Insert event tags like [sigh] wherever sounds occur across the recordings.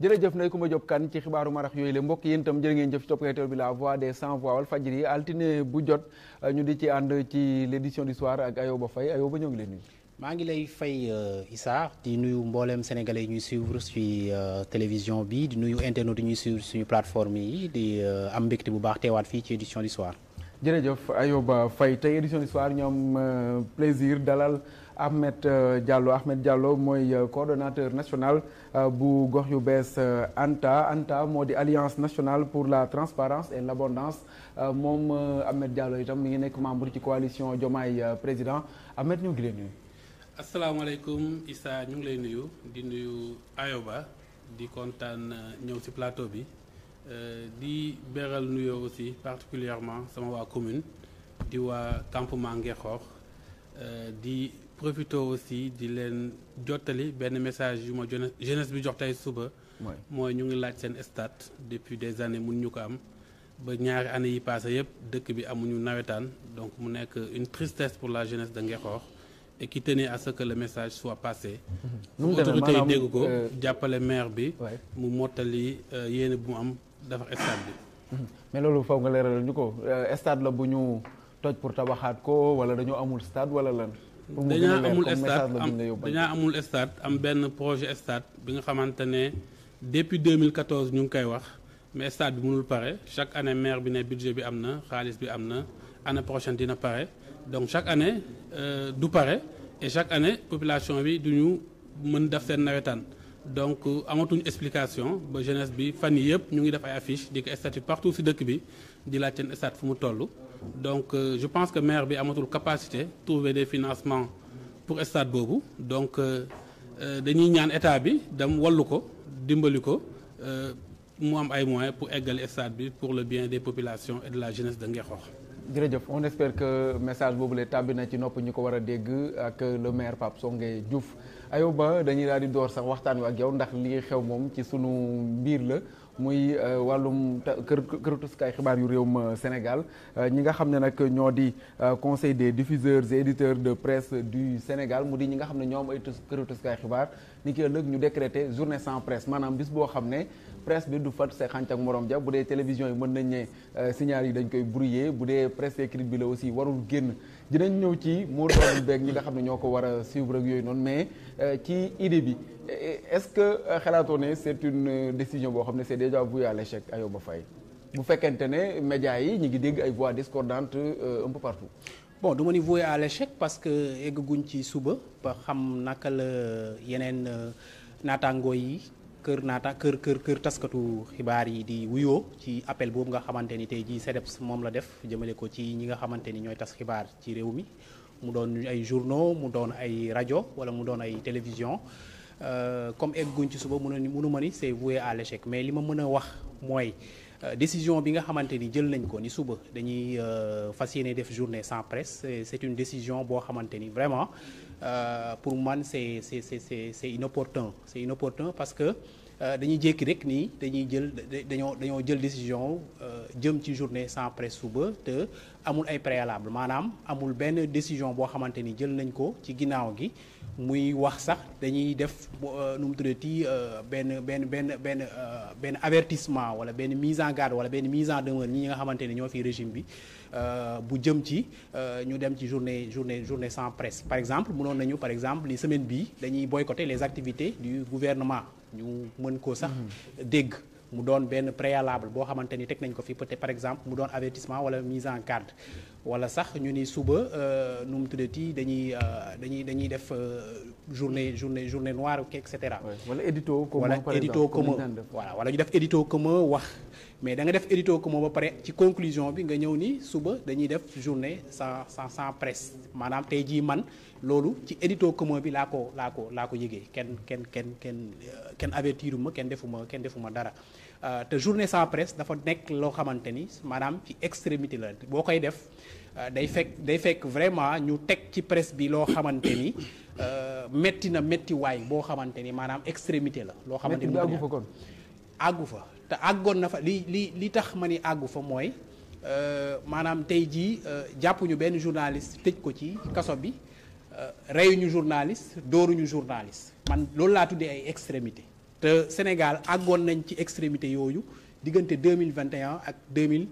jërëjëf Ndeye Coumba Diop kan ci xibaaru marax yooyu le mbokk yéen itam jërë ngeen jëf ci topp bi la voix des sans voix Walfadjri altine bu jot euh, ñu di ci ànd ci l' édition du soir ak Ayoba Faye Ayoba ñoo ngi leen nuyu. maa ngi lay fay euh, Issa di nuyu mboolem sénégalais yi ñuy suivre ci euh, télévision bi di nuyu internautes yi ñuy suivre suñu plateforme yi di am mbégte bu baax teewaat fii ci édition du soir. jërëjëf Ayoba Faye tey édition histoire ñoom euh, plaisir dalal Ahmed euh, Diallo Ahmed Diallo mooy euh, coordonnateur national bu gox yu bees ANTA ANTA moo di alliance nationale pour la transparence et l'abondance moom Ahmed Diallo itam mi ngi nekk membre ci coalition Diomaye président Ahmed ñu ngi lay nuyu. asalaamaaleykum Issa ñu ngi lay nuyu di nuyu Ayoba di kontaan ñëw ci plateau bi. Euh, di beral nuyoo aussi particulièrement sama waa commune di waa campement Ngexoox euh, di profité aussi di leen jottali benn message yu ma jeunesse bi jox tey suba. mooy ñu ngi laaj seen stade depuis des années mun ñu ko am ba ñaari années yi passé yëpp dëkk bi amuñu nawetaan donc mu nekk une tristesse pour la jeunesse de Ngexoox et qui tenait à message soit passé. nu mmh. mu mmh. yi dégg ko euh, jàppale maire bi. mu mottali yéene bu mu am. defar stade bi. mais loolu foog nga leeralal ñu ko euh, stade la bu ñu toj pour tabaxaat ko wala dañoo amul stade wala lan. pour mu gën a leer comme dañaa amul stade am benn projet stade bi nga xamante ne depuis 2014 ñu ngi koy wax mais stade bi mënul pare chaque année maire bi ne budget bi am na xaalis bi am na année prochaine dina pare donc chaque année euh, du pare et chaque année population bi du ñu mën def seen nawetaan. donc amatuñ explication ba jeunesse bi fan yi yëpp ñu ngi def ay affiche di ko statut partout si dëkk bi di laajteen stat fu mu toll donc euh, je pense que maire bi amatul capacité trouver des financement pour state boobu donc euh, euh, dañuy ñaan état bi dem wallu ko dimbali ko mu am ay moyens pour eggali stade bi pour le bien des populations et de la jeunesse de Nguekokh jërëjëf on espère que message boobu la tàbbi na ci nopp ñu ko war a dégg ak le maire soo Songué Diouf Ayoba dañuy daal di door sax waxtaan wi ak yow ndax li xew moom ci suñu mbir la muy euh, wàllum kër këru tuskaay xibaar yu réew ma euh, Sénégal euh, ñi nga xam ne nag ñoo di conseil des diffuseurs et éditeurs de presse du Sénégal mu di ñi nga xam ne ñoom ay këru tuskaay xibaar. ni ki ëllëg ñu décréter journée sans presse maanaam bis boo xam ne presse bi du fat see xànc ak morom ja bu dee télévision yi mën nañ ne euh, signal yi dañ koy brouiller bu dee presse écrite bi la aussi warul génn dinañ ñëw ci moo doon beeg ñi nga xam ne ñoo ko war a suivre ak yooyu noonu mais euh, ci idée bi euh, est-ce que xalaatoo ne c'est une décision boo xam ne c'est déjà voué a l'échec Ayoba Faye bu fekkente ne médias yi ñu ngi dégg ay voix discordantes un peu partout bon du ma ni voué à l'échec parce que eggaguñ ci suba ba xam naka la euh, yeneen euh, naataangoo yi kër naata kër kër kër taskatu xibaar yi di wuyoo ci appel boobu nga xamante ni tey jii CDEPS moom la def jëmale ko ci ñi nga xamante ni ñooy tas xibaar ci réew mi mu doon ay journaux mu doon ay rajo wala mu doon ay télévision euh, comme egguñ ci suba mënu mënu ma ni se voué à l'échec mais li ma mën a wax mooy Euh, décision bi nga xamante ni jël nañ ko ni suba dañuy euh, fas yéene def journée sans presse c'est une décision boo xamante ni vraiment euh, pour man c'est c'est c'est c'est inopportun c'est inopportun parce que Euh, dañuy jékki rek nii dañuy jël dañoo dañoo jël décision euh, jëm ci journée sans presse suba te amul ay préalable maanaam amul benn décision boo xamante ni jël nañ ko ci ginnaaw gi muy wax sax dañuy def euh, nu mu tuddati benn benn benn benn benn avertissement wala benn mise en garde wala benn mise en demeure ñi nga xamante ni ñoo fi régime bi bu jëm ci ñu dem ci journée journée journée sans presse par exemple munoon nañu par exemple ni semaine bii dañuy boycotter les activités du gouvernement ñu mën koo sax dégg mu doon benn préalable boo xamante ni teg nañ ko fi peut-être par exemple mu doon avertissement wala mise en garde wala sax ñu ni suba euh, nu mu tuddati dañuy euh, dañuy dañuy def euh, journée journée journée noire et cetera. wala édito commun par exemple voilà wala ñu def édito commun wax. mais danga def édito commun ba pare ci conclusion bi nga ñëw ni suba dañuy def journée sans sans sans presse maanaam tey jii man loolu ci édito commun bi laa ko laa ko laa ko yëgee kenn kenn kenn kenn euh, kenn avertiruma kenn defuma kenn defuma dara. Euh, te journée sans presse dafa nekk loo xamante ni maanaam ci extrémité la boo koy def euh, day fekk day fekk vraiment ñu teg ci presse bi loo xamante ni euh, métti na métti waay boo xamante ni maanaam extrémité la. loo xamante ni àggu fa kon àggu fa te àggoon na fa li li li tax ma ni àggu fa mooy. maanaam tey jii jàppuñu benn journaliste tëj ko ci kaso bi reyuñu journaliste dóoruñu journaliste man loolu laa tuddee ay extrémité te Sénégal àggoon nañ ci extrémité yooyu diggante deux mille vingt et ak deux mille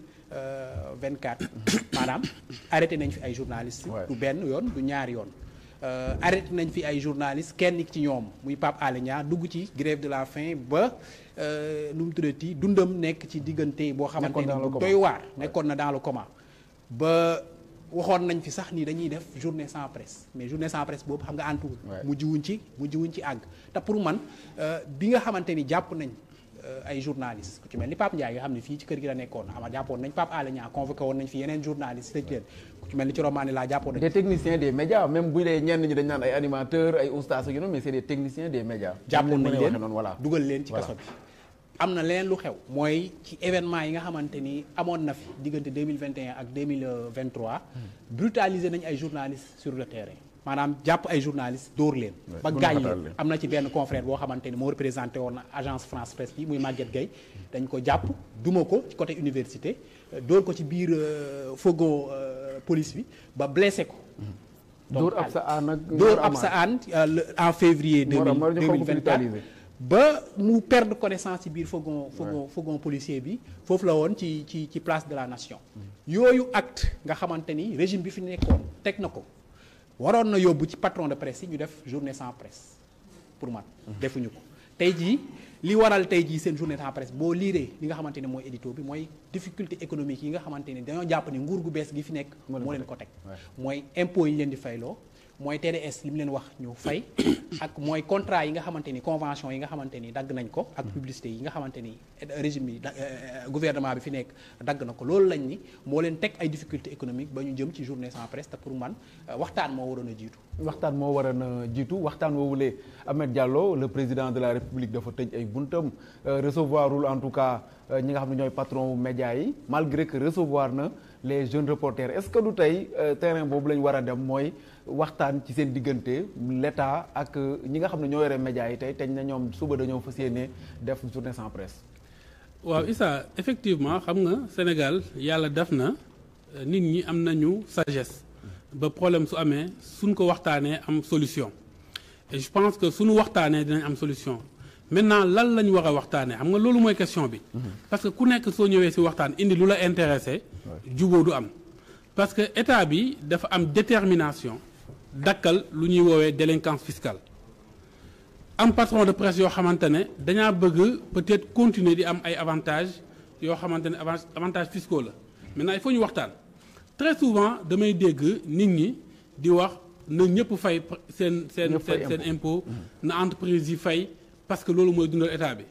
vingt quatre maanaam arrêté nañ fi ay journalistes. du benn yoon du ñaari yoon. Euh, arrêté nañ fi ay journalistes kenn ci ñoom muy Pape Alé Niang dugg ci grève de la faim ba euh, nu mu tuddati dundam nekk ci diggante boo. xamante ni doy waar nekkoon na dans le coma ba. waxoon nañ fi sax ni dañuy def journée sans presse mais journée sans presse boobu xam nga antuwul mu jiwuñ ci mu jiwuñ ci àgg te pour man euh, bi nga xamante ni jàpp nañ euh, ay journaliste ku ci mel ni Pape Ndiaye nga xam ne fii ci kër gi la nekkoon ama jàppoon nañ Pape Alé Niang convoqué woon nañ fi yeneen journaliste tëj leen ku ci mel ni ci Romane laa jàppoon nañ des techniciens des médias même bu dee ñenn ñi dañ naan ay animateurs ay oustaz ak mais c'est des techniciens am na leneen lu xew mooy ci événement yi nga xamante ni amoon na fi diggante 2021 ak 2023 brutaliser nañ ay journalistes sur le terrain maanaam jàpp ay journalistes dóor leen ba gaañ leen am na ci benn confrère boo xamante ni moo représenté woon agence France Presse bi muy Maguette Gueye dañ ko jàpp duma ko ci côté université dóor ko ci biir euh, fogo euh, police bi ba blessé ko dóor ab sa aan ak dóor ab sa aan euh, en février 2024 ba mu perdre connaissance ci biir fogon fogon fogon policier bi foofu la woon ci ci ci place de la nation mm. yooyu acte nga xamante ni régime bi fi nekkoon teg na ko waroon na yóbbu ci patron de presse yi ñu def journée sans presse pour man mm. defuñu ko tey jii li waral tey jii seen journée sans presse boo liiree li nga xamante ne mooy édito bi mooy difficulté économique yi nga xamante ne dañoo jàpp ne nguur gu bees gi fi nekk moo leen ko teg mooy impôt yi ñu leen fayloo mooy TDS li mu leen wax ñu fay [coughs] ak mooy contrat yi nga xamante ni convention yi nga xamante ni dagg nañ ko ak hmm. publicité yi nga xamante ni eh, régime bi eh, gouvernement bi fi nekk dagg na ko loolu lañ ni moo leen teg ay difficultés économique ba ñu jëm ci journée sans presse te pour man eh, waxtaan moo waroon a jiitu waxtaan moo waroon a jiitu waxtaan woowulee Ahmed Diallo le président de la République dafa tëj ay buntam recevoirul en tout cas ñi nga xam ne ñooy patron média yi malgré que recevoir na les jeunes reporters est-ce que du tey euh, terrain boobu la ñu war a dem mooy waxtaan ci seen diggante l'État ak euh, ñi nga xam ne ñoo yore médias yi tey teñ na ñoom suba dañoo fas yéene def journée sans presse. waaw Issa effectivement xam nga Sénégal yàlla def na euh, nit ñi am nañu sagesse. ba problème su amee suñ ko waxtaanee am solution. et je pense que suñu waxtaanee dinañ am solution. maintenant lan la ñu war a waxtaanee xam nga loolu mooy question bi. Mm-hmm. parce que ku nekk soo ñëwee si waxtaan indi lu la intéressé. juboo du am parce que état bi dafa am détermination dakkal lu ñuy woowee délinquance fiscale am patron de presse yoo xamante ne dañaa bëgg peut-être continuer di am ay avantages yoo xamante ne avantages fiscaux la maintenant il faut ñu waxtaan très souvent damay dégg nit ñi di wax na ñëpp fay seen seen seen impôt mm. na entreprise yi fay parce que loolu mooy dundal état bi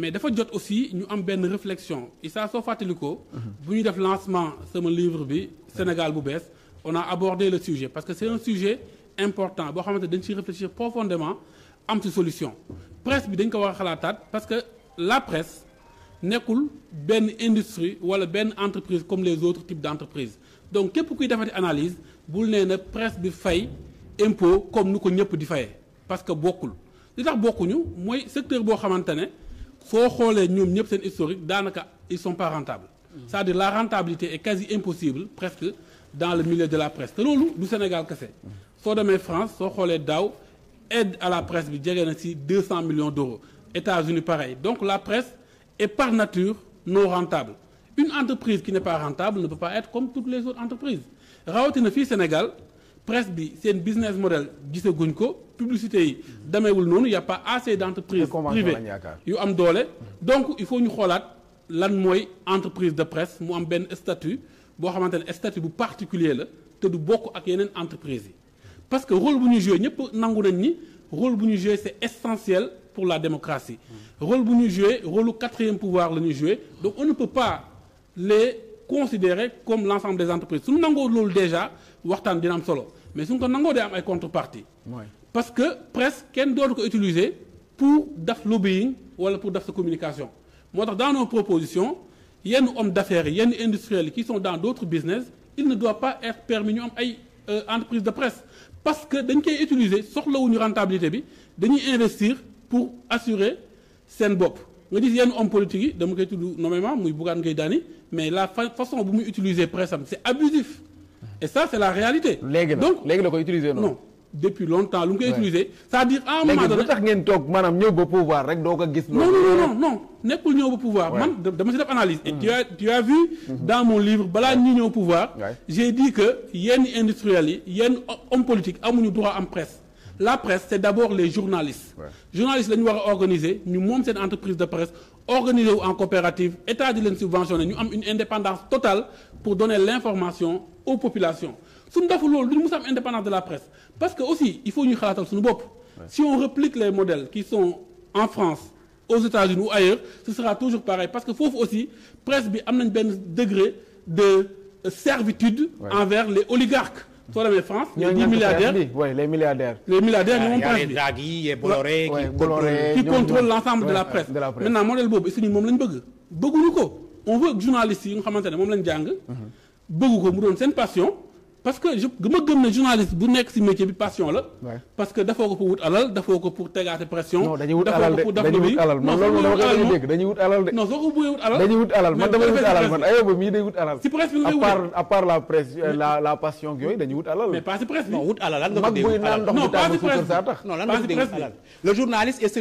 mais dafa jot aussi ñu am benn réflexion Issa soo ko bu ñu def lancement sama livre bi Sénégal bu bees on a abordé le sujet parce que c'est un sujet important boo xamante dañ ciy réfléchir profondément am ci solution presse bi dañ ko war xalaataat parce que la presse nekkul benn industrie wala benn entreprise comme les autres types d'entreprise donc képp kuy defati analyse bul nee na presse bi fay impôt comme nu ko ñëpp di fayee parce que bokkul boo xamante ne soo xoolee ñoom ñëpp seen historique daanaka ils sont pas rentables c'est-à-dire la rentabilité est quasi impossible presque dans le milieu de la presse te loolu du Sénégal kese soo demee France soo xoolee daaw aide à la presse bi jege na ci 200 millions d'euros États-Unis pareil donc la presse est par nature non rentable une entreprise qui n'est pas rentable ne peut pas être comme toutes les autres entreprises rawatina fii Sénégal presse bi seen business model gisaguñ ko publicité yi demeewul noonu y' a pas assez d' entreprise privée yu am doole donc il faut ñu xoolaat lan mooy entreprise de presse mu am benn statut boo xamante ne statut bu particulier la te du bokk ak yeneen entreprise yi parce que rôle bu ñu joué ñëpp nangu nañ ni rôle bu ñu joué c' est essentiel pour la démocratie rôle bu ñu joué rôle lu quatrième pouvoir la ñu joué donc on ne peut pas les considérer comme l' ensemble des entreprises suñu nangoo loolu déjà waxtaan dina solo mais suñ ko nangoo day am ay contrepartie parce que presse kenn dootu ko utiliser pour def lobbying wala pour def sa communication moo tax dans nos propositions yenn hommes d'affaires yi yenn industriels yi qui sont dans d'autres business il ne doit pas être permis ñu am ay euh, entreprise de presse parce que dañ koy utiliser soxlawuñu rentabilité bi dañuy investir pour assurer seen bopp nga gis yenn homme politique yi dama koy tudd nommément muy Bougane Gueye Dany mais la façon bu muy utiliser presse am c'est et ça c'est la réalité. léegi la donc léegi la ko utiliser noonu. non depuis longtemps lu mu koy utiliser. c'est-à-dire à un moment donné léegi lu tax ngeen toog maanaam ñëw ba pouvoir rek doo ko gis. non non non non nekkul ñëw ba pouvoir. man dama si def analyse. et mm-hmm. tu as tu vu. Mm-hmm. dans mon livre balaa ñuy ñëw pouvoir. j'ai dit que yenn industriels yi yenn homme politique amuñu droit am presse. la presse c'est d'abord les journalistes. journalistes la ñu war a organiser ñu moom seen entreprise de presse. organiser wu en coopérative état di leen subventionné ñu am une indépendance totale pour donner l'information aux populations suñu defu loolu duñu mës a am indépendance de la presse parce que aussi il faut ñu xalaatal suñu bopp si on réplique les modèles qui sont en France aux États-Unis ou ailleurs ce sera toujours pareil parce que foofu aussi presse bi am nañ benn degré de servitude envers les oligarques soo demee France. ñooñu ñooñu milliardaires oui les milliardaires. moom presse bi y a les Draghi Bolloré. qui contrôle l'ensemble de la presse. maintenant modèle boobu est-ce moom lañ bëgg. bëgguñu ko on veut journalistes yi nga xamante ne moom lañ jàng. Mm-hmm. bëggu ko mu doon seen passion. parce que je ma gëm ne journaliste bu nekk ci métier bi passion la. parce que dafoo ko pour wut alal dafoo ko pour tegaate pression. non dañuy wut alal de dañuy wut alal de. non soo ko bëggee wut alal dañuy wut alal man damay wut alal man aywa mii day wut alal. ci presse bi nga wut à part à part la presse la la passion yooyu wut alal. mais pas ci wut alal lan nga ko dégg. mag buy naan ndox bi tàng suukar nga ko dégg alal. le journaliste est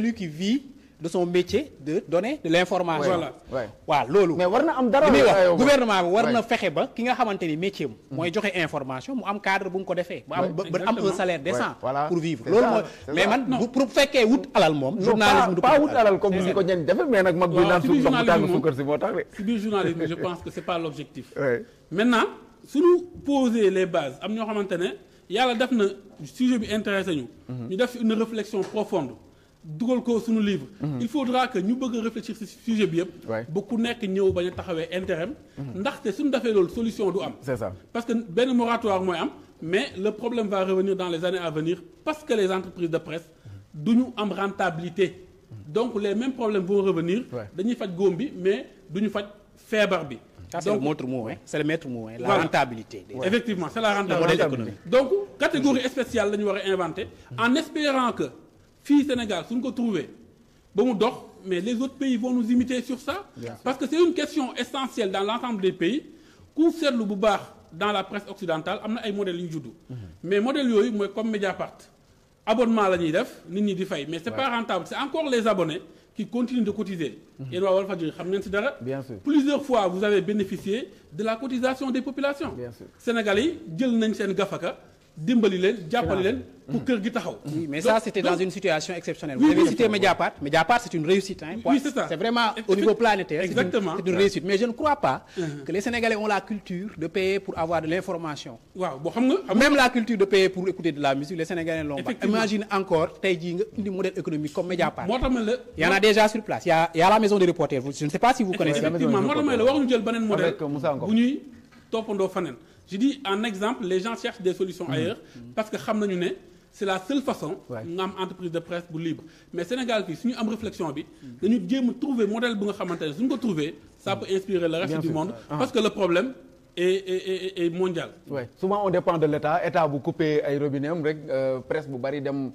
de son métier de donner de l'information. voilà waaw loolu. mais war na am dara li muy gouvernement war na fexe ba ki nga xamante ni métier am. Mm-hmm. mooy joxe information mu am cadre bu mu ko defee. ba am ba am un salaire décent pour vivre loolu mooy mais man pour fekkee wut alal moom. journalisme du pas wut alal comme ni ko ñenn defe mais nag mag bi naan suuf ndox mu tàng suukar si moo tax de. si biir journalisme je pense que c'est pas l'objectif. maintenant suñu poser les bases am ñoo xamante ne yàlla def na sujet bi intéressé ñu. Mm-hmm. ñu def une réflexion profonde. dugal ko suñu livre. Mhm. il faudra que ñu bëgg a réfléchir ci sujet bi yëpp. ba ku nekk ñëw bañ a taxawee intérim. Mhm. ndaxte suñu defee loolu solution du am. parce que benn moratoire mooy am mais le problème va revenir dans les années à venir parce que les entreprises de presse du ñu am rentabilité. Mhm. donc les mêmes problèmes vont revenir. dañuy faj góom bi mais du ñu faj feebar bi. Ça, c'est le maître mot, hein? C'est le La voilà. rentabilité. Ouais. Effectivement, c'est la rentabilité. Le modèle économique. Donc, catégorie spéciale, nous devons inventer en espérant que fii Sénégal suñ ko trouver ba mu dox mais les autres pays vont nous imiter sur ça parce que c'est une question essentielle dans l'ensemble des pays ku seetlu bu baax dans la presse occidentale am na ay modèles yu juddu mhm. mais modèles yooyu mooy comme part abonnement la ñuy def nit ñi di fay mais c'est pas rentable c'est encore les abonnés qui continuent de cotiser yéen mhm. waa Walfadjri xam ngeen ci dara plusieurs fois vous avez bénéficié de la cotisation des populations Sénégalais yi jël nañ seen gafaka dimbali leen jàppali leen pour kër gi taxaw. oui mais donc, ça c'était donc, dans une situation exceptionnelle. vous avez cité Mediapart c'est une réussite. c'est vraiment au niveau planétaire. c'est une, réussite mais je ne crois pas. Uh-huh. que les Sénégalais ont la culture de payer pour avoir de l'information. même la culture de payer pour écouter de la musique les Sénégalais l'ont pas. imagine encore tey jii nga indi modèle économique comme Mediapart. moo a déjà sur a a la maison des reporters je ne sais pas si vous connaissez. effectivement moo tax je dis en exemple les gens cherchent des solutions mmh. ailleurs mm. parce que xam nañu ne c'est la seule façon nga am entreprise de presse bu libre mais Sénégal fii suñu am réflexion bi mm. dañu jéem a trouver modèle bu nga xamante ne suñu ko trouver ça mm. peut inspirer le reste du monde ah. parce que le problème et et et et mondial. Ouais. Souvent on dépend de l'État, État bu coupé ay rek euh, presse bu bari dem.